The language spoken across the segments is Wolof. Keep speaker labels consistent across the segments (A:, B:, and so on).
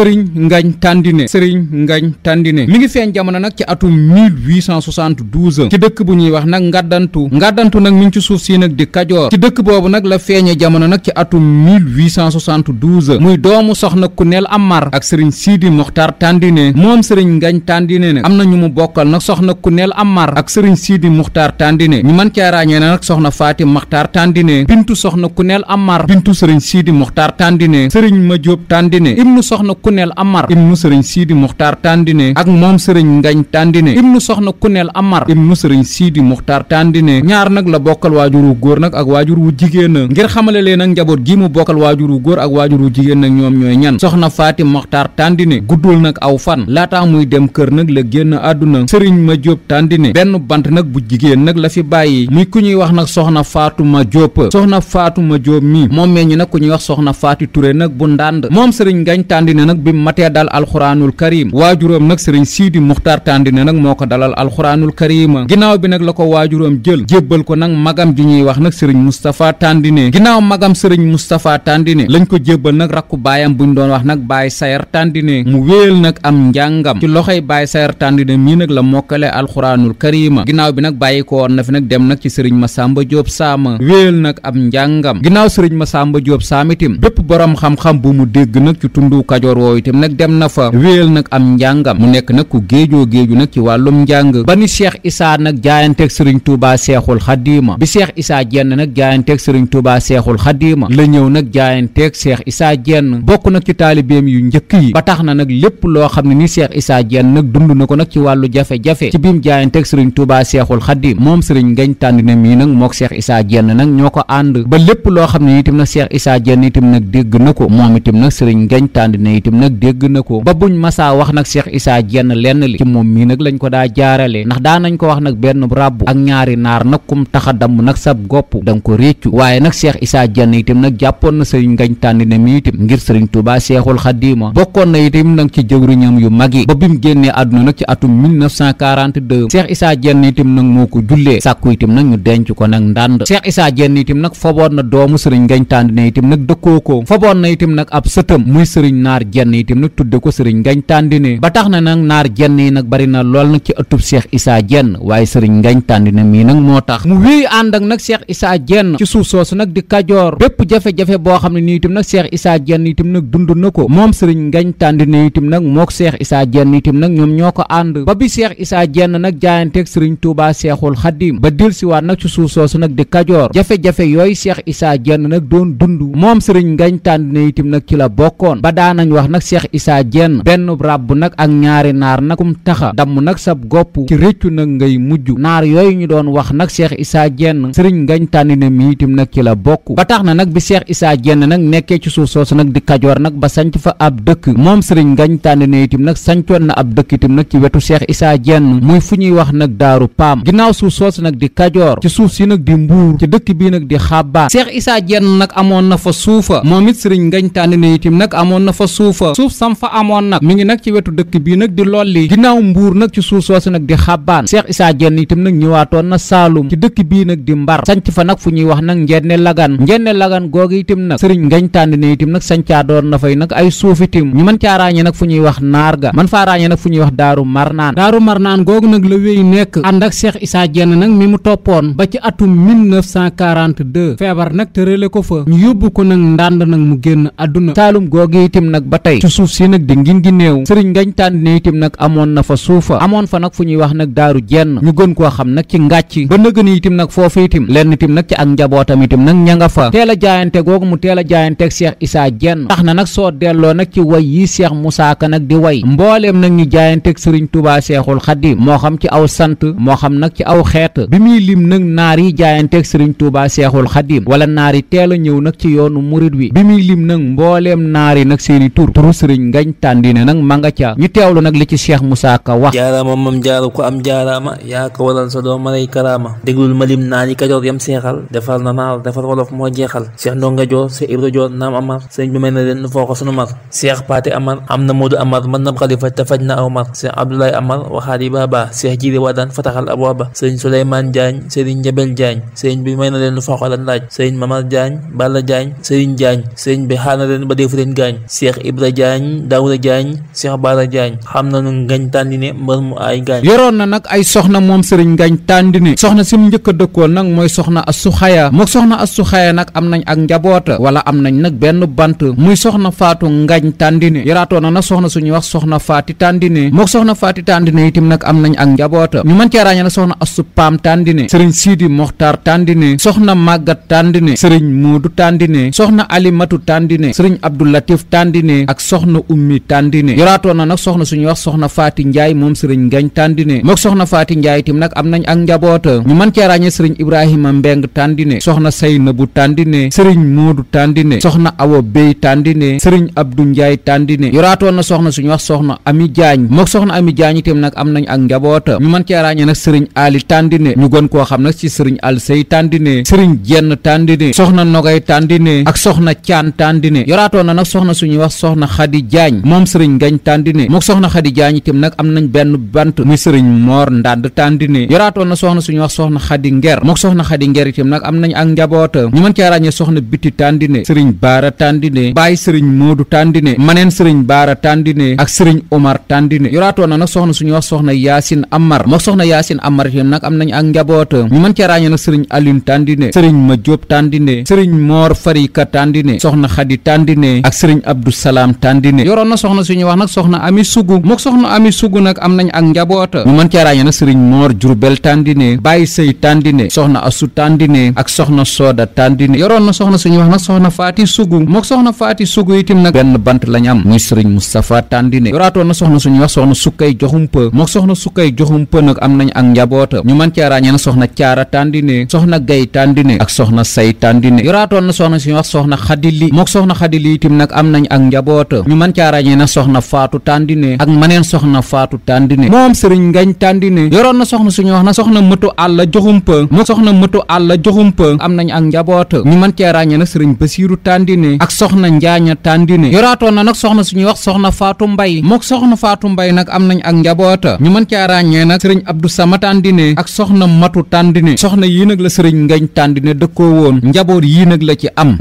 A: sëriñ ngañ tàndine sëriñ ngañ tàndine mi ngi feeñ jamono nag ci atum 1872 ci dëkk bu ñuy wax nag ngàddantu ngàddantu nag mi ngi ci suuf sii nag di kajoor ci dëkk boobu nag la feeñe jamono nag ci atum 1872 muy doomu soxna kuneel mar ak sëriñ siidi moxtaar tàndine moom sëriñ ngañ tàndine ne am na ñu mu bokkal nag soxna kuneel mar ak sëriñ siidi muxtaar tàndine ñu man caa ràññee na nag soxna faati maxtaar tàndine bintu soxna kuneel amar bintu sëriñ siidi muxtaar tàndine sëriñ ma jóob Kounel Amar ibnu sëriñ Sidi Muxtaar Tandine ak moom sëriñ Ngañ Tandine ibnu soxna Kounel Amar ibnu sëriñ Sidi Muxtaar Tandine ñaar nag la bokkal waajur wu góor nag ak waajur wu jigéen na ngir xamale leen nag gi mu bokkal waajur wu góor ak waajur wu jigéen nag ñoom ñooy ñan soxna Faati Muxtaar Tandine guddul nag aw fan laataa muy dem kër nag la génn àdduna sëriñ ma Jóob Tandine benn bant nag bu jigéen nag la fi bàyyi muy ku ñuy wax nag soxna Faatuma Jóob soxna Faatuma Jóob mi moom meññi nag ku ñuy wax soxna Faati Ture nag bu ndànd moom sëriñ Ngañ Tandine nag bi mu matee dal alxuraanul karim waajuróom nag sëriñ siidi muxtaar tàndine nag moo ko dalal alxuraanul karima ginnaaw bi nag la ko waajuróom jël jébbal ko nag magam ji ñuy wax nag sëriñ moustapha tàndine ginnaaw magam sëriñ moustapha tàndine lañ ko jébbal nag rakku baayam buñ doon wax nag baay sayar tàndine mu wéel nag am njàngam ci loxoy baay sayar tàndine mii nag la mokkale alxuraanul karima ginnaaw bi nag bàyyi ko woon na fi nag dem nag ci sëriñ masamba jóob saama wéel nag am njàngam ginnaaw sëriñ masamba jóob saamitim bépp borom xam-xam bu mu dégg nag ci tundu kajoor woowu itam nag dem na fa wéyal nag am njàngam mu nekk nag ku géejoo géeju nag ci wàllum njàng ba ni seex Issa nag jaayanteeg Serigne Touba Seexul Xadiima bi seex Issa jenn nag jaayanteeg Serigne Touba Seexul Xadiima la ñëw nag jaayanteeg Cheikh Issa jenn bokk nag ci taalibeem yu njëkk yi ba tax na nag lépp loo xam ne ni Cheikh Issa Diène nag dund na ko nag ci wàllu jafe-jafe ci biim jaayanteeg Serigne Touba Seexul Xadiim moom Serigne Ngagne Tandine mii nag mook Cheikh Issa Diène nag ñoo ko ànd ba lépp na ko nag dégg na ko ba buñ masaa wax nag Cheikh Issa Diène lenn li ci moom mii nag lañ ko daa jaarale ndax daa nañ ko wax nag benn ràbb ak ñaari naar nag kum taxa damm nag sab gopp da nga ko réccu waaye nag Cheikh Issa Diène itam nag jàppoon na sëriñ ngañ tànni ne mi itam ngir sëriñ Touba Seexul Xadiima na itam nag ci jëwriñam yu mag yi ba bi mu génnee àdduna nag ci atum 1942 Cheikh Issa Diène itam nag moo ko jullee sàkku itam nag ñu denc ko nag ndànd Cheikh Issa Diène itam nag foboon na doomu sëriñ ngañ tànni ne itam nag dëkkoo ko foboon na itam nag ab sëtam muy sëriñ naar jenn jenn nag tudde ko sëriñ ngañ tàndine ba tax na nag naar jenn yi nag bari na lool nag ci ëttub Cheikh Issa Diène waaye sëriñ ngañ tàndine mii nag moo tax mu wéy ànd ak nag seex Issa Diène ci suuf soosu nag di kajoor bépp jafe-jafe boo xam ne nii itam nag Cheikh Issa Diène itam nag dund na ko moom sëriñ ngañ tàndine itam nag moo seex Issa Diène itam nag ñoom ñoo ko ànd ba bi Cheikh Issa Diène nag jaayanteeg sëriñ Touba Cheikhoul Khadim ba dil siwaat nag ci suuf soosu nag di jafe-jafe yooyu Cheikh Issa Diène nag doon dund moom nag Cheikh Issa Diène benn ràbb nag ak ñaari naar nag kum taxa damm nag sab gopp ci rëccu nag ngay mujj naar yooyu ñu doon wax nag seex Issa Diène sëriñ ngañ tànni na mi itam nag ci la bokk ba tax na nag bi Cheikh Issa Diène nag nekkee ci suuf soosu nag di kajoor nag ba sanc fa ab dëkk moom sëriñ ngañ tànni na itam nag sancoon na ab dëkk itam nag ci wetu seex Issa Diène muy fu ñuy wax nag daaru paam ginnaaw suuf soosu nag di kajoor ci suuf si nag di mbuu ci dëkk bii nag di xàbbaan Cheikh Issa Diène nag amoon na fa suufa moom it sëriñ ngañ tànni na nag amoon fa suuf sam fa amoon nag mi ngi nag ci wetu dëkk bii nag di lolli ginnaaw mbuur nag ci suuf soosu nag di xabbaan Cheikh Issa Diène itam nag ñëwaatoon na saalum ci dëkk bii nag di mbar sanc fa nag fu ñuy wax na fay nag ay suuf itam ñu mën caa ràññee nag fu ñuy wax naar ga man faa ràññee nag fu ñuy wax daaru marnaan daaru marnaan googu nag la wéy nekk ànd ak Cheikh Issa Diène nag mi mu toppoon ba ci atum feebar nag tërale ko fa ñu yóbbu ko nag ndànd nag mu génn àdduna saalum googu itam nag ba tey tey ci suuf si nag di ngin gi néew sëriñ ngañ tànn ne nag amoon na fa suufa amoon fa nag fu ñuy wax nag daaru jenn ñu gën koo xam nag ci ngàcc ba nëgën itam nag foofu itam lenn itam nag ci ak njabootam itam nag ña nga fa teel a jaayante googu mu teel a jaayanteeg Cheikh Issa Diène tax na nag soo delloo nag ci way yi Cheikh Moussa Ka nag di way mbooleem nag ñi ñu jaayanteeg sëriñ Touba Cheikhul Khadim moo xam ci aw sant moo xam nag ci aw xeet bi muy lim nag naar yi jaayanteeg sëriñ Touba Cheikhul Khadim wala naar teel a ñëw nag ci yoonu murid wi turu sëriñ ngañ tàndine nag ma nga ca ñu teewlu nag li ci cheikh Moussa Ka wax jaaraama
B: mam jaaru ko am jaaraama yaa ko waral sa doo maray karaama déglul malim naa ñi kajoor defar na naar defar wolof moo jeexal cheikh ndonga joor cheikh ibra joor naam amar sëriñ bi may na leen foo ko sunu mar cheikh paate amar am na moodu amar mën na xalifa te faj na aw mar cheikh abdoulaye amar waxaat yi baaba cheikh jiri waadaan fataxal ab waaba sëriñ souleymane diagne sëriñ njabel diagne sëriñ bi may na leen foo ko lan laaj sëriñ mamar diagne balla diagne sëriñ diagne sëriñ bi Daouda Diagne Daouda Diagne Cheikh Bara Diagne na nañu Ngagne Tandine mbër mu ay gaañ yoroon
A: na nag ay soxna moom sëriñ Ngagne Tandine soxna si mu njëkk a dëkkoon nag mooy soxna Astou Khaya mook soxna Astou Khaya nag am nañ ak njaboota wala am nañ nag benn bant muy soxna Faatu Ngagne Tandine yoraatoon na nag soxna suñuy wax soxna Faati Tandine mook soxna Faati Tandine itam nag am nañ ak njaboota ñu mën cee ràññee nag soxna Astou Pam Tandine sëriñ Sidi Mokhtar Tandine soxna Magat Tandine sëriñ Moodu Tandine soxna ak soxna ummi tàndine yoraatoon na nag soxna suñuy wax soxna faati njaay moom sëriñ ngañ tàndine mook soxna faati njaay tim nag am nañ ak njaboota ñu mën cee ràññee sëriñ ibrahima mbeng tàndine soxna saynabu tàndine sëriñ moodu tàndine soxna awa bey tàndine sëriñ abdu njaay tàndine na suñuy wax soxna ami jaañ mook soxna ami jaañ itam nag am nañ ak njaboota ñu mën cee ràññee nag sëriñ ali tàndine ñu gën koo xam nag ci sëriñ alsey tàndine sëriñ jenn tàndine soxna nogay tàndine ak soxna caan tàndine yoraatoon na soxna suñuy wax soxna Khady Diagne moom sëriñ Ngagne Tandine mook soxna Khady Diagne itam nag am nañ benn bant muy sëriñ Mor Ndand Tandine na soxna suñu wax soxna Khady Nger mook soxna Khady Nger itam nag am nañ ak njaboota ñu mën cee ràññee soxna Biti Tandine sëriñ Baara Tandine Baye sëriñ Modou Tandine maneen sëriñ Baara Tandine ak sëriñ Omar Tandine yoraatoon na nag soxna suñu wax soxna Yaasin Amar mook soxna Yaasin Amar itam nag am nañ ak njaboota ñu mën cee ràññee nag sëriñ Alioune Tandine sëriñ Ma Diop Tandine sëriñ Mor Farika Tandine soxna Khady Tandine ak sëriñ Abdou Salam Tandine yoroon na soxna suñuy wax nag soxna ami sugu mook soxna ami sugu nag am nañ ak njaboota ñu mën cee ràññee nag sëriñ soxna na soxna suñuy wax nag soxna Faati Sugu mook soxna Faati Sugu itim nag benn bant lañ am muy sëriñ Moustapha Tandine yoraatoon na soxna suñuy wax soxna Sukkay Joxumpa mook soxna Sukkay Joxumpa nag am nañ ak njaboota ñu mën cee ràññee nag soxna Caara Tandine soxna Gay Tandine ak soxna Say Tandine yoraatoon soxna suñuy wax soxna Xadili mook soxna Xadili itim nag am nañ ak njaboota tawata ñu mën caa ràññee na soxna faatu tàndine ak maneen soxna faatu tàndine moom sëriñ ngañ tàndine yoroon na soxna suñu wax na soxna mëtu àlla joxumpa mu soxna mëtu àlla joxumpa am nañu ak njaboota ñu mën caa ràññee nag sëriñ basiiru tàndine ak soxna njaaña tàndine yoraatoon na nag soxna suñuy wax soxna faatu mbay mook soxna faatu mbay nag am nañ ak njaboota ñu man caa ràññee nag sëriñ abdu sama tàndine ak soxna matu tàndine soxna yii nag la sëriñ ngañ tàndine dëkkoo woon njaboot yii nag la ci am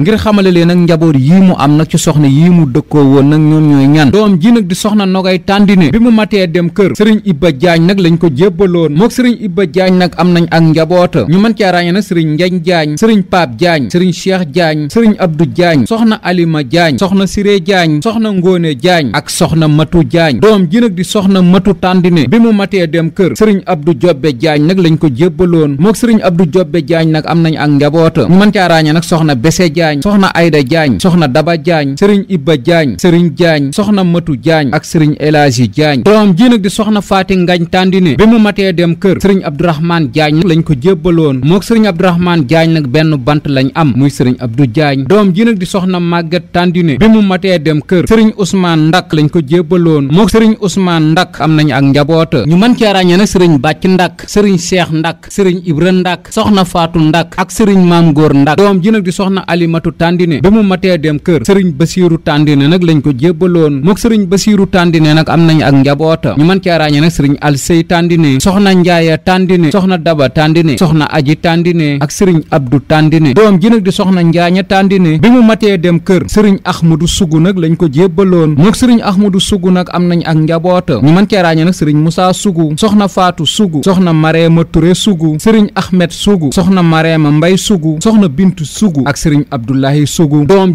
A: woon nag ñoom ñooy ñan doom ji nag di soxna nogay tàndine bi mu matee dem kër sëriñ Ibba Jaañ nag lañ ko jébbaloon mook sëriñ Ibba Jaañ nag am nañ ak njaboota ñu mën caa ràññee nag sëriñ Njañ Jaañ sëriñ Paap Jaañ sëriñ Cheikh Jaañ sëriñ Abdu Jaañ soxna Alima Jaañ soxna Siré Jaañ soxna Ngóone Jaañ ak soxna Matu Jaañ doom ji nag soxna Matu tàndine bi mu matee dem kër sëriñ Abdu Jobbe Jaañ nag lañ ko jébbaloon mook sëriñ Abdu Jobbe Jaañ nag am nañ ak njaboota ñu mën caa ràññee nag soxna Bese Jaañ soxna Ayda Jaañ soxna Daba Jaañ sëriñ Ibba Jaañ sëriñ jaañ soxna matu jaañ ak sëriñ elaaji jaañ doom ji nag di soxna faati ngañ tàndine bi mu matee dem kër sëriñ abdourahmaan jaañ lañ ko jébbaloon mook sëriñ abdourahmaan jaañ nag benn bant lañ am muy sëriñ abdou jaañ doom ji nag di soxna màgget tàndine bi mu matee dem kër sëriñ ousmaan ndak lañ ko jébbaloon mook sëriñ ousmaan ndak am nañu ak njaboota ñu mën cee ràññee nag sëriñ bàcc ndak sëriñ seex ndak sëriñ ibra ndak soxna faatu ndak ak sëriñ maam góor doom ji di soxna alimatu tàndine bi mu matee dem kër sëriñ basiiru tàndine nag lañ ko jébbaloon mook sëriñ Basiiru Tandine nag am nañ ak njaboota ñu mën cee ràññee nag sëriñ Alsey Tandine soxna Njaaya Tandine soxna Daba Tandine soxna Aji Tandine ak sëriñ Abdu Tandine doom ji nag di soxna Njaaña Tandine bi mu matee dem kër sëriñ Axmadu Sugu nag lañ ko jébbaloon mook sëriñ Axmadu Sugu nag am nañ ak njaboota ñu mën cee ràññee nag sëriñ Moussa Sugu soxna Faatu Sugu soxna Mareema Ture Sugu sëriñ Ahmed Sugu soxna Mareema Mbay Sugu soxna Bintu Sugu ak sëriñ Abdoulahi Sugu doom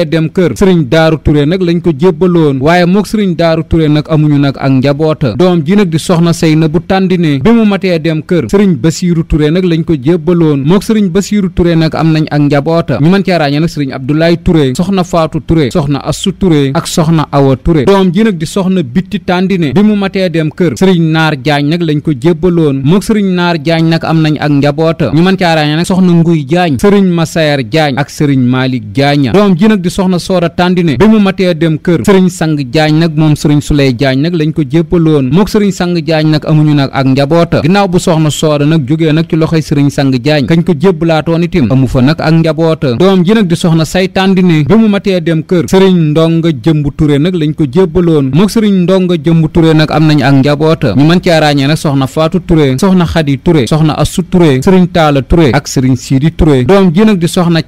A: mujjee dem kër sëriñ daaru Touré nag lañ ko jébbaloon waaye mook sëriñ daaru Touré nag amuñu nag ak njaboota doom ji nag di soxna sëy na bu tàndine bi mu matee dem kër sëriñ Basiiru Touré nag lañ ko jébbaloon mook sëriñ Basiiru Touré nag am nañ ak njaboota ñu mën cee ràññee nag sëriñ Abdoulaye Touré soxna Faatu Touré soxna Assu Touré ak soxna Awa Touré doom ji nag di soxna Bitti Tàndine bi mu matee dem kër sëriñ Naar Jaañ nag lañ ko jébbaloon mook sëriñ Naar Jaañ nag am nañ ak njaboota ñu mën cee ràññee nag soxna Nguy Jaañ sëriñ Masayer Jaañ ak sëriñ Malik Jaaña doom ji di soxna Soora Tandine bi mu matee dem kër sëriñ sang jaañ nag moom sëriñ Souley jaañ nag lañ ko jéppaloon mook sëriñ sang jaañ nag amuñu nag ak njaboota ginnaaw bu soxna Soora nag jógee nag ci loxoy sëriñ sang jaañ kañ ko jébbalaatoon itim amu fa nag ak njaboota doom ji nag di soxna say Tandine bi mu matee dem kër sëriñ Ndonga Jëmbu ture nag lañ ko jébbaloon mook sëriñ Ndonga Jëmbu Touré nag am nañu ak njaboota ñu mën caa ràññee nag soxna Faatu Touré soxna Xadi Touré soxna Assu Touré sëriñ Taala Touré ak sëriñ Siidi Touré doom ji nag di soxna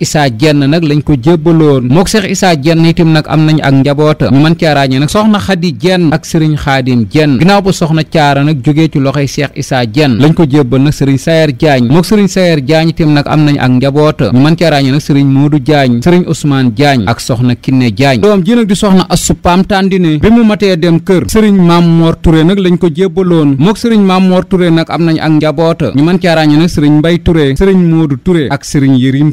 A: Issa Dieng nag lañ ko jébbaloon mook Cheikh Issa Dieng itam nag am nañ ak njaboota ñu mën caa ràññee nag soxna Khady Dieng ak Serigne Khadim Dieng ginnaaw bu soxna caara nag jógee ci loxoy Cheikh Issa Dieng lañ ko jébbal nag Serigne Sayer Diagne mook Serigne Sayer Diagne itam nag am nañ ak njaboota ñu mën caa ràññee nag Serigne Modou Diagne Serigne Ousmane Diagne ak soxna Kiné Diagne doom ji nag di soxna Assou Pam Tandine bi mu dem kër Serigne Mamor Touré nag lañ ko jébbaloon mook Serigne Mamor Touré nag am nañ ak njaboota ñu mën caa ràññee nag Serigne Mbaye Touré Serigne Modou Touré ak Serigne Yérim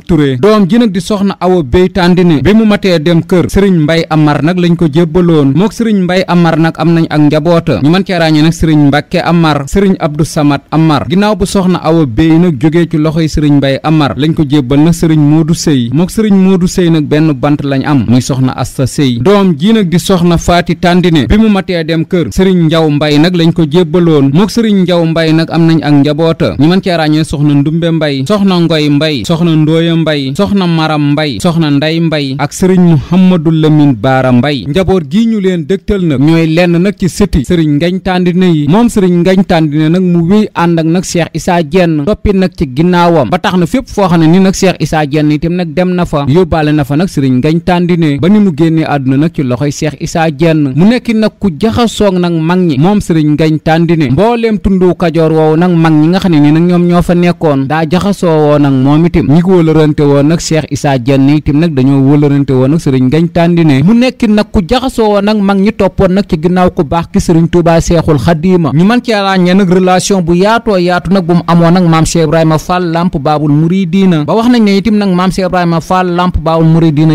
A: doom ji di soxna awa béy tàndine bi mu matee dem kër sëriñ mbay amar nag lañ ko jébbaloon mook sëriñ mbay amar nag am nañu ak njaboota ñu mën cee ràññee nag sëriñ mbàkke amar sëriñ abdu samat amar ginnaaw bu soxna awa béy nag jógee ci loxoy sëriñ mbay amar lañ ko jébbal nag sëriñ moodu sëy mook sëriñ moodu sëy nag benn bant lañ am muy soxna asta sëy doom ji nag di soxna faati tàndine bi mu matee dem kër sëriñ njaw mbay nag lañ ko jébbaloon mook sëriñ njaw mbay nag am nañ ak njaboota mën cee ràññee soxna ndumbe mbay soxna ngoy mbay soxna ndooya mbay soxna maram mbay soxna nday mbay ak sëriñ muhammadu lamin baara mbay njaboot gii ñu leen dëgtal nag ñooy lenn nag ci sëti sëriñ ngañ tàndine yi moom sëriñ ngañ tàndine nag mu wéy ànd ak nag cheikh isaa jenn toppi nag ci ginnaawam ba tax na fépp foo xam ne ni nag seex isaa jenn itam nag dem na fa yóbbaale na fa nag sëriñ ngañ tàndine ba ni mu génnee àdduna nag ci loxoy cheikh isaa jenn mu nekki nag ku jaxasoog nag mag ñi moom sëriñ ngañ tàndine mbooleem tundu kajoor woowu nag mag ñi nga xam ne ni nag ñoom ñoo fa nekkoon daa jaxasoo woo nag moom woon nag Cheikh Issa Dieng itam nag dañoo wëlërante woon nag sëriñ Ngagne Tandine mu nekk nag ku jaxasoo woon nag mag ñi toppoon nag ci ginnaaw ku baax ki sëriñ Touba Seexul Xadiima ñu nag ba wax nañ ne itam nag maam Cheikh Ibrahima Fall Lamp Baabul Muridiina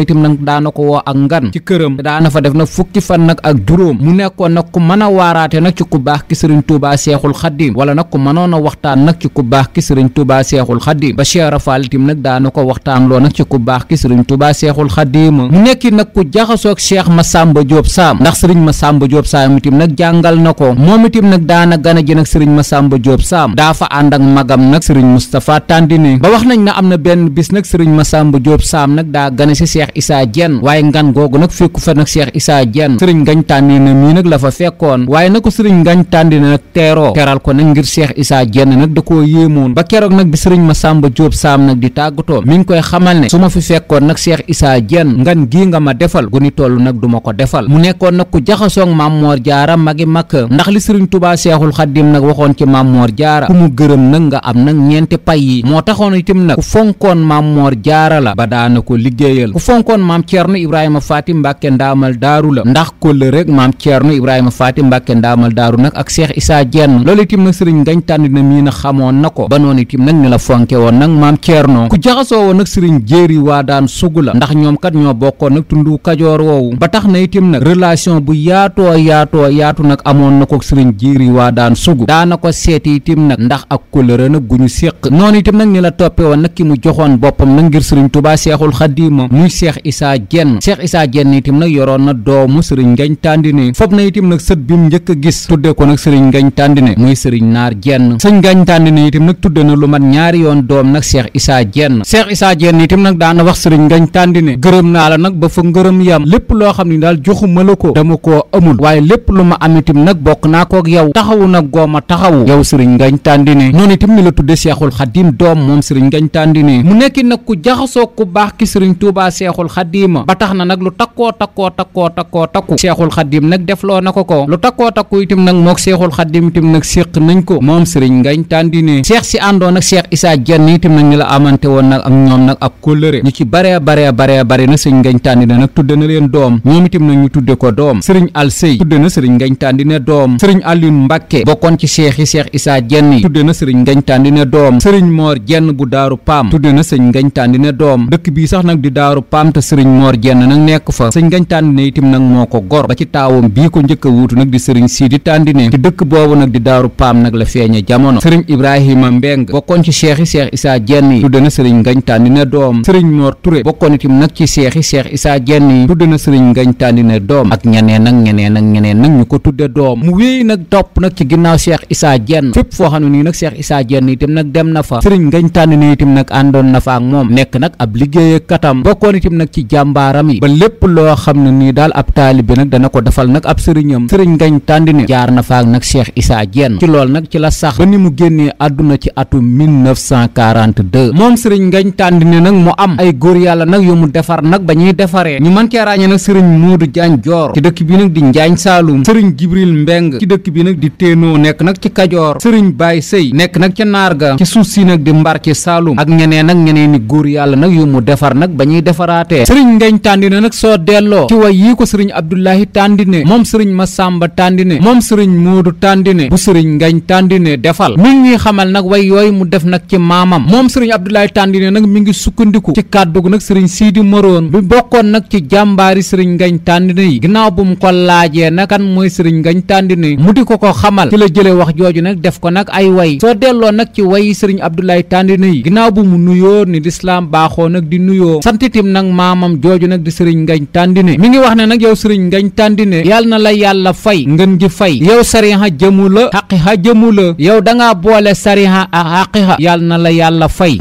A: fan nag ak juróom mu nekkoon nag ku mën a waaraate nag ci ku baax ki sëriñ Touba Seexul Xadiim wala nag ku mënoon a waxtaan nag ci ku baax ki sëriñ Touba Seexul Xadiim ba Cheikh Rafal itam nag daana ko waxtaan am loo nag ci ku baax ki sëriñ tubaa seexul xadiima mu nekki nag ku jaxasoog ma masamba jóob saam ndax sëriñ masamba jóob saam itam nag jàngal na ko moom itam nag daana gana ji nag sëriñ masamba jóob saam daa fa ànd ak magam nag sëriñ mustapha tàndine ba wax nañ na am na benn bis nag sëriñ masamba jóob saam nag daa gana si cheikh isaa jenn waaye ngan googu nag fekku fa nag cheikh isaa jenn sëriñ ngañ tàndine mii nag la fa fekkoon waaye na ko sëriñ ngañ tàndine nag teeroo teral ko nag ngir cheikh isaa jenn nag da koo yéemoon ba keroog nag bi sëriñ masamba jóob saam nag di tàggatoo mi ngi koy xamal ne su ma fi fekkoon nag Cheikh Issa Diène ngan gii nga ma defal gu ni toll nag du ma ko defal mu nekkoon nag ku jaxasoog Maam Moor Jaara magi makka ndax li Sëriñ Tubaa Seexul Xaddim nag waxoon ci Maam Moor Jaara ku mu gërëm nag nga am nag ñeenti pay yi moo taxoon itam nag ku fonkoon Maam Moor Jaara la ba daana ko liggéeyal ku fonkoon Maam Ceerno Ibrahima Faati Mbàkke ndaamal daaru la ndax ko le rek Maam Ceerno Ibrahima Faati Mbàkke ndaamal daaru nag ak Cheikh Issa Diène loolu itam nag Sëriñ Ngagne Tandine mii na xamoon na ko ba noonu itam nag ni la fonke woon nag Maam Ceerno sëriñ jéeri waa daan sugu la ndax ñoom kat ñoo bokkoon nag tundu kajoor woowu ba tax na itim nag relation bu yaatoo yaatoo yaatu nag amoon na ko sëriñ jéeri waa daan sugu daana ko seeti itim nag ndax ak kóllëre nag gu ñu séq noon itam nag ni la toppe woon nag ki mu joxoon boppam nag ngir sëriñ tubaa seexul xadiima muy seex isaa jenn seex isaa jenn itim nag yoroon na doomu sëriñ ngañ tàndine fob na itim nag sët bi njëkk a gis tudde ko nag sëriñ ngañ tàndine muy sëriñ naar jenn sëriñ ngañ tàndine itim nag tudde na lu mat ñaari yoon doom nag seex kenn itam nag daana wax sëriñ ngañ tàndine gërëm naa la nag ba fa ngërëm yam lépp loo xam ne daal joxuma la ko dama koo amul waaye lépp lu ma am itam nag bokk naa kook yow taxawu nag gooma taxawu yow sëriñ ngañ tàndine noonu itam ni la tudde seexul xadim doom moom sëriñ ngañ tàndine mu nekki nag ku jaxasoo ku baax ki sëriñ tuubaa seexul xadima ba tax na nag lu takkoo takkoo takkoo takkoo takku seexul xadim nag defloo na ko ko lu takkoo takku itam nag mook seexul xadim itam nag séq nañ ko moom sëriñ ngañ tàndine seex si àndoon ak seex isaa jenn itam nag ni la amante woon ak kóllëre ñu ci bare bare bare bare na sëriñ ngañ tàndine nag tudde na leen doom ñoom itam nag ñu tudde ko doom sëriñ alsey tudde na sëriñ ngañ tàndine doom sëriñ Alioune Mbàkke bokkoon ci seex yi seex isaa jenn yi tudde na sëriñ ngañ tàndine doom sëriñ moor jenn bu daaru paam tudde na sëriñ ngañ tàndine doom dëkk bii sax nag di daaru paam te sëriñ moor jenn nag nekk fa sëriñ ngañ tàndine itam nag moo ko gor ba ci taawam bii ko jëkk a wuutu nag di sëriñ siidi tàndine ci dëkk boobu nag di daaru paam nag la feeñe jamono sëriñ ibrahima mbeng bokkoon ci seex yi seex isaa jenn yi doom sëriñ Mor Touré bokkoon itam nag ci seexi seex Isaa Jenn yi tudde na sëriñ Ngagne Tandine doom ak ñeneen ak ñeneen ak ñeneen nag ñu ko tudde doom mu wéy nag topp nag ci ginnaaw seex Isaa Jenn fépp foo xam ne nii nag seex Isaa Jenn itam nag dem na fa sëriñ Ngagne Tandine itam nag àndoon na fa ak moom nekk nag ab liggéey katam bokkoon nag ci jàmbaaram yi ba lépp loo xam ne nii daal ab taalibe nag dana ko defal nag ab sëriñam sëriñ Ngagne Tandine jaar na fa ak nag seex Isaa Jenn ci nag ci la sax ni mu génnee àdduna ci atum 1942 moom sëriñ nag mu am ay góor yàlla nag yu mu defar nag ba ñuy defaree ñu mën cee ràññee nag sëriñ Moodu Jaañ Joor ci dëkk bi nag di Njaañ Saalum sëriñ Jibril Mbeng ci dëkk bi nag di Téenoo nekk nag ci Kajoor sëriñ Baay Sëy nekk nag ca naar ga ci suuf si nag di Mbar ci Saalum ak ñeneen nag ñeneen ni góor yàlla nag yu mu defar nag ba ñuy defaraatee sëriñ Ngañ Tàndine nag soo delloo ci way yii ko sëriñ Abdoulahi Tàndine moom sëriñ Masamba Tàndine moom sëriñ Moodu Tàndine bu sëriñ Ngañ Tàndine defal mi ngi xamal nag way moom sëriñ Abdoulahi sukkandiku ci kàddug nag sëriñ Siidi Moroon bi bokkoon nag ci jàmbaari sëriñ ngañ Tandine yi ginnaaw bu mu ko laajee nag kan mooy sëriñ Ngagne Tandine mu di ko ko xamal ci la jëlee wax jooju nag def ko nag ay way soo delloo nag ci wayi sëriñ Abdoulaye Tandine yi ginnaaw bu mu nuyoo ni lislaam baaxoo nag di nuyoo santitim nag maamam jooju nag di sëriñ ngañ Tandine mi ngi wax ne nag yow sëriñ Ngagne Tandine yàlla na la yàlla fay ngën gi fay yow sariha jëmu la xaqiha jëmu la yow dangaa boole sariha la yàlla fay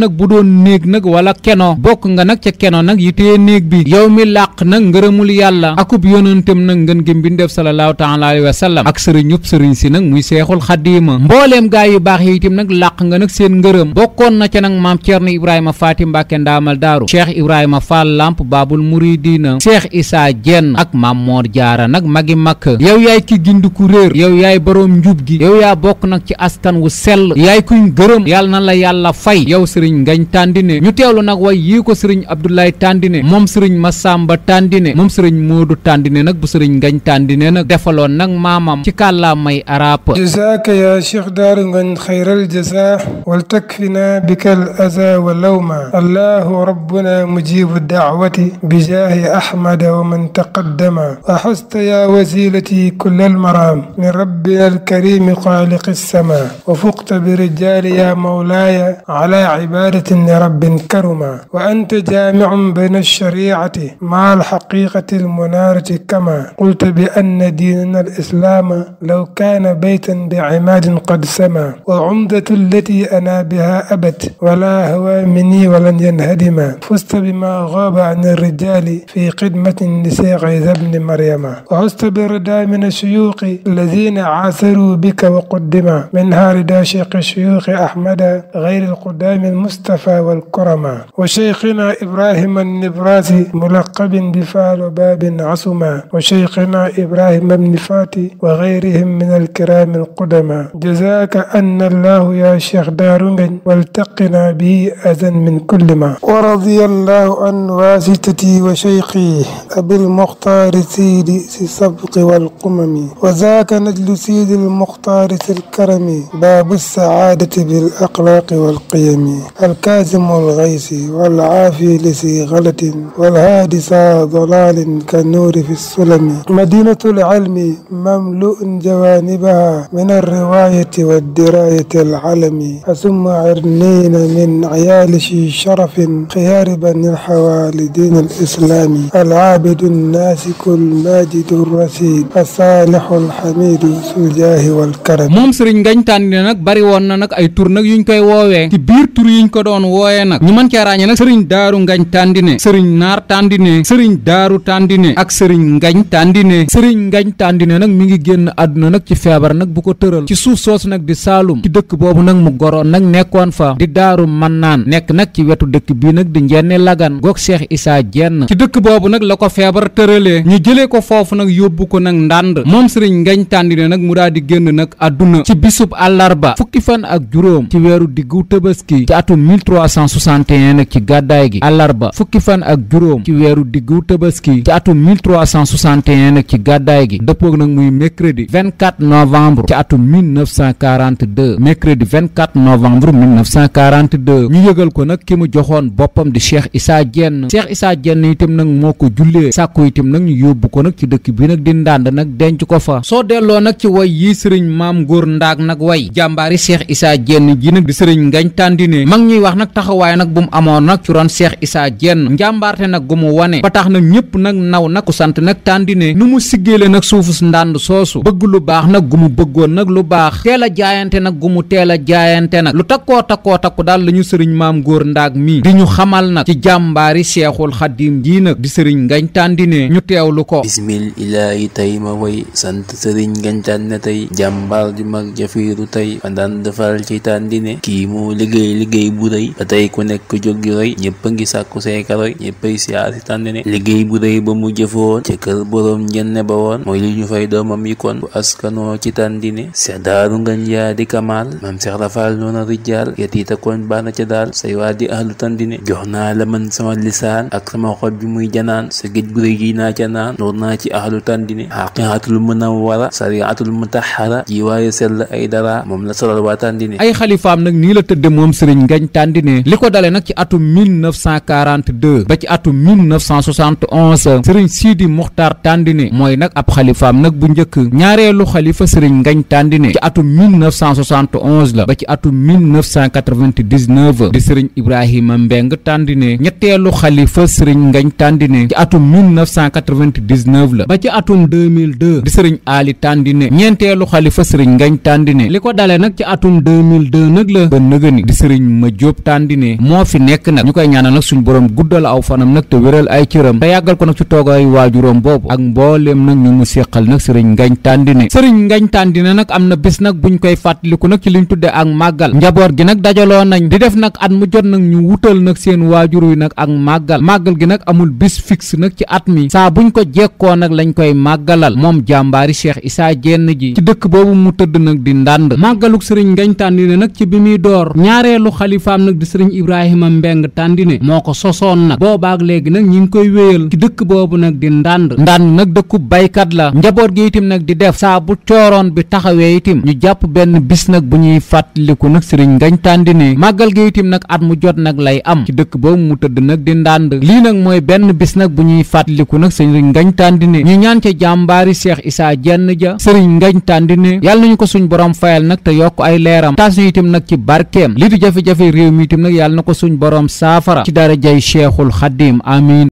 A: nag bu doon néeg nag wala keno bokk nga nag ca keno nag yi te néeg bi yow mi làq nag ngërëmul yàlla akub yonentam nag ngën gi mbindeef salallaahu taala alayhi wa sallam ak sëriñ ñëpp sëriñ si nag muy seexul xadiima mbooleem gaa yu baax yi itam nag làq nga nag seen ngërëm bokkoon na ca nag maam Ceerno Ibrahima Faati Mbàkke ndaamal daaru cheikh Ibrahima Fall Lamp Baabul na cheikh Isaa Jenn ak maam Moor Jaara nag magi makk yow yaay ki gindiku réer yow yaay boroom njub gi yow yaa bokk nag ci askan wu sell yaay kuñ na la yàlla fay yow sëriñ ngañ tàndine ñu teewlu nag way yii ko sëriñ abdoulaye tàndine moom sëriñ masamba tàndine moom sëriñ moodu tàndine nag bu sëriñ ngañ tàndine nag defaloon nag maamam ci kàllaamay arab jazaaka
C: ya cheikh daaru ngañ xayral jaza wal takfina bikal aza wa lawma allahu rabbuna mujibu daawati bijaahi ahmada wa man taqaddama axasta ya wasilati kulla almaram min rabbina alkarimi xaaliqi alsama wa fuqta bi rijaali ya mawlaaya ala عبادة لرب كرما وأنت جامع بين الشريعة مع الحقيقة المنارة كما قلت بأن ديننا الإسلام لو كان بيتا بعماد قد سما وعمدة التي أنا بها أبت ولا هوى مني ولن ينهدما فزت بما غاب عن الرجال في خدمة النساء عيسى بن مريم وعزت بردا من الشيوخ الذين عاثروا بك وقدما منها ردا شيخ الشيوخ أحمد غير القدام المسلم المصطفى والكرما وشيخنا إبراهيم النبراسي ملقب بفال باب عصما وشيخنا إبراهيم بن فاتي وغيرهم من الكرام القدما جزاك أن الله يا شيخ دارنجن والتقنا به أذى من كل ما ورضي الله عن واسطتي وشيخي أبي المختار سيدي السبق والقمم وذاك نجل سيدي المختار الكرم باب السعادة بالأخلاق والقيم الكاظم الغيث والعافي لسي غلة والهادي سا ضلال كالنور في السلم مدينة العلم مملوء جوانبها من الرواية والدراية العلم أثم عرنين من عيال شي شرف خيار بني الحوالي دين الإسلام العابد الناسك الماجد الرسيد الصالح الحميد ذو الجاه والكرم
A: moom Serigne Ngagne tànn nag bari woon na nag ay tur nag yuñ koy woowee ci biir tur yuñ ko doon wooyee nag ñu mën cee ràññee nag daaru ngañ tàndine sëriñ naar tàndine sëriñ daaru tàndine ak sëriñ ngañ tàndine sëriñ ngañ tàndine nag mi ngi génn àdduna nag ci feebar nag bu ko tëral ci suuf soosu nag di saalum ci dëkk boobu nag mu goroon nag nekkoon fa di daaru mannaan nekk nag ci wetu dëkk bii nag di njenni lagan goog seex isaa jenn ci dëkk boobu nag la ko feebar tëralee ñu jëlee ko foofu nag yóbbu ko nag ndànd moom sëriñ ngañ tàndine nag mu daal di génn nag àdduna ci bisub àllarba fukki fan ak juróom ci weeru diggu tëbëski ci atum atum 1361 nag ci gàddaay gi àllarba fukki fan ak juróom ci weeru diggu tabaski ci atum 1361 nag ci gàddaay gi dëppoog nag muy mercredi 24 novembre ci atum 1942 mercredi 24 novembre 1942 ñu yëgal ko nag ki mu joxoon boppam di Cheikh Issa Diène seex Issa Diène itam nag moo ko jullee sàkku itam nag ñu yóbbu ko nag ci dëkk bi nag di ndànd nag denc ko fa soo delloo nag ci way yi sëriñ maam Ngor Ndaak nag way jàmbaari Cheikh Issa jenn ji nag di sëriñ Ngañ Tandine ngi ñuy wax nag taxawaay nag bu mu amoon nag ci ron seex Issa Diène njàmbaarte nag gu mu wane ba tax na ñëpp nag naw nag ku sant nag tàndine nu mu siggeele nag suufus ndànd soosu bëgg lu baax nag gu mu bëggoon nag lu baax teel a jaayante nag gu mu teel a jaayante nag lu takkoo takkoo takku daal la sëriñ maam góor ndaag mii di ñu xamal nag ci jàmbaari Seexul Xaddiim jii nag
B: di sëriñ ngañ tàndine ñu lu ko bismil yi tey ma woy sant sëriñ ngañ tàndine tey jàmbaar ju mag jafiiru tey fa liggéey bu rëy ba tey ku nekk jóg di roy ñëpp a ngi sàkku seeka roy ñëpp ay siyaar si tànn ne liggéey bu rëy ba mu jëfoon ca kër boroom njenne ba woon mooy li ñu fay doomam yi kon bu askanoo ci tàndine seex daaru ngañ yaa di kamaal maam seex rafaal noona rijaal yetiita kon baana ca daal say di ahlu tàndine jox naa la man sama lisaan ak sama xol bi muy janaan sa géej gu rëy gi naa ca naan noor naa ci ahlu tàndine xaqiqatul munawwara sariatul mutahara ji waaye sell la
A: lañ tàndine li ko dale nag ci atum 1942 ba ci atum 1971 sëriñ Sidi Muxtaar Tàndine mooy nag ab xalifaam nag bu njëkk ñaareelu xalifa sëriñ Ngañ Tàndine ci atum 1971 la ba ci atum 1999 di sëriñ Ibrahima Mbeng Tàndine ñetteelu xalifa sëriñ Ngañ Tàndine ci atum 1999 la ba ci atum 2002 di sëriñ Ali Tàndine ñeenteelu xalifa sëriñ Ngañ Tàndine li ko dale nag ci atum 2002 nag la ba nëgëni di sëriñ Ibrahima Diop Tandine moo fi nekk nag ñu koy ñaanal nag suñu borom guddal aw fanam nag te wéral ay cëram te yàggal ko nag ci toogaay waajuram boobu ak mbooleem nag ñu mu séqal nag sëriñ Ngagne Tandine sëriñ Ngagne Tandine nag am na bis nag buñ koy fàttaliku nag ci liñ tudde ak màggal njaboot gi nag dajaloo nañ di def nag at mu jot nag ñu wutal nag seen waajur wi nag ak màggal màggal gi nag amul bis fixe nag ci at mi saa buñ ko jekkoo nag lañ koy màggalal moom jàmbaari Cheikh Issa Diène ji ci dëkk mu tëdd nag di xalifaam nag di sëriñ Ibrahima Mbeng Tandine moo ko sosoon nag boobaak léegi nag ñi ngi koy wéyal ci dëkk boobu nag di ndànd ndànd nag dëkku baykat la njaboot gi itam nag di def saa bu cooroon bi taxawee itam ñu jàpp benn bis nag bu ñuy fàttaliku nag sëriñ Ngañ Tandine màggal gi itam nag at mu jot nag lay am ci dëkk boobu mu tëdd nag di ndànd lii nag mooy benn bis nag bu ñuy fàttaliku nag sëriñ Ngañ Tandine ñu ñaan ca jàmbaari Cheikh Issa jenn ja sëriñ Ngañ Tandine yàlla nañu ko suñ borom fayal nag te yokk ay leeram itam nag réew mi itam nag yàlla na ko suñ borom saafara ci dara jay cheikhul xadim amin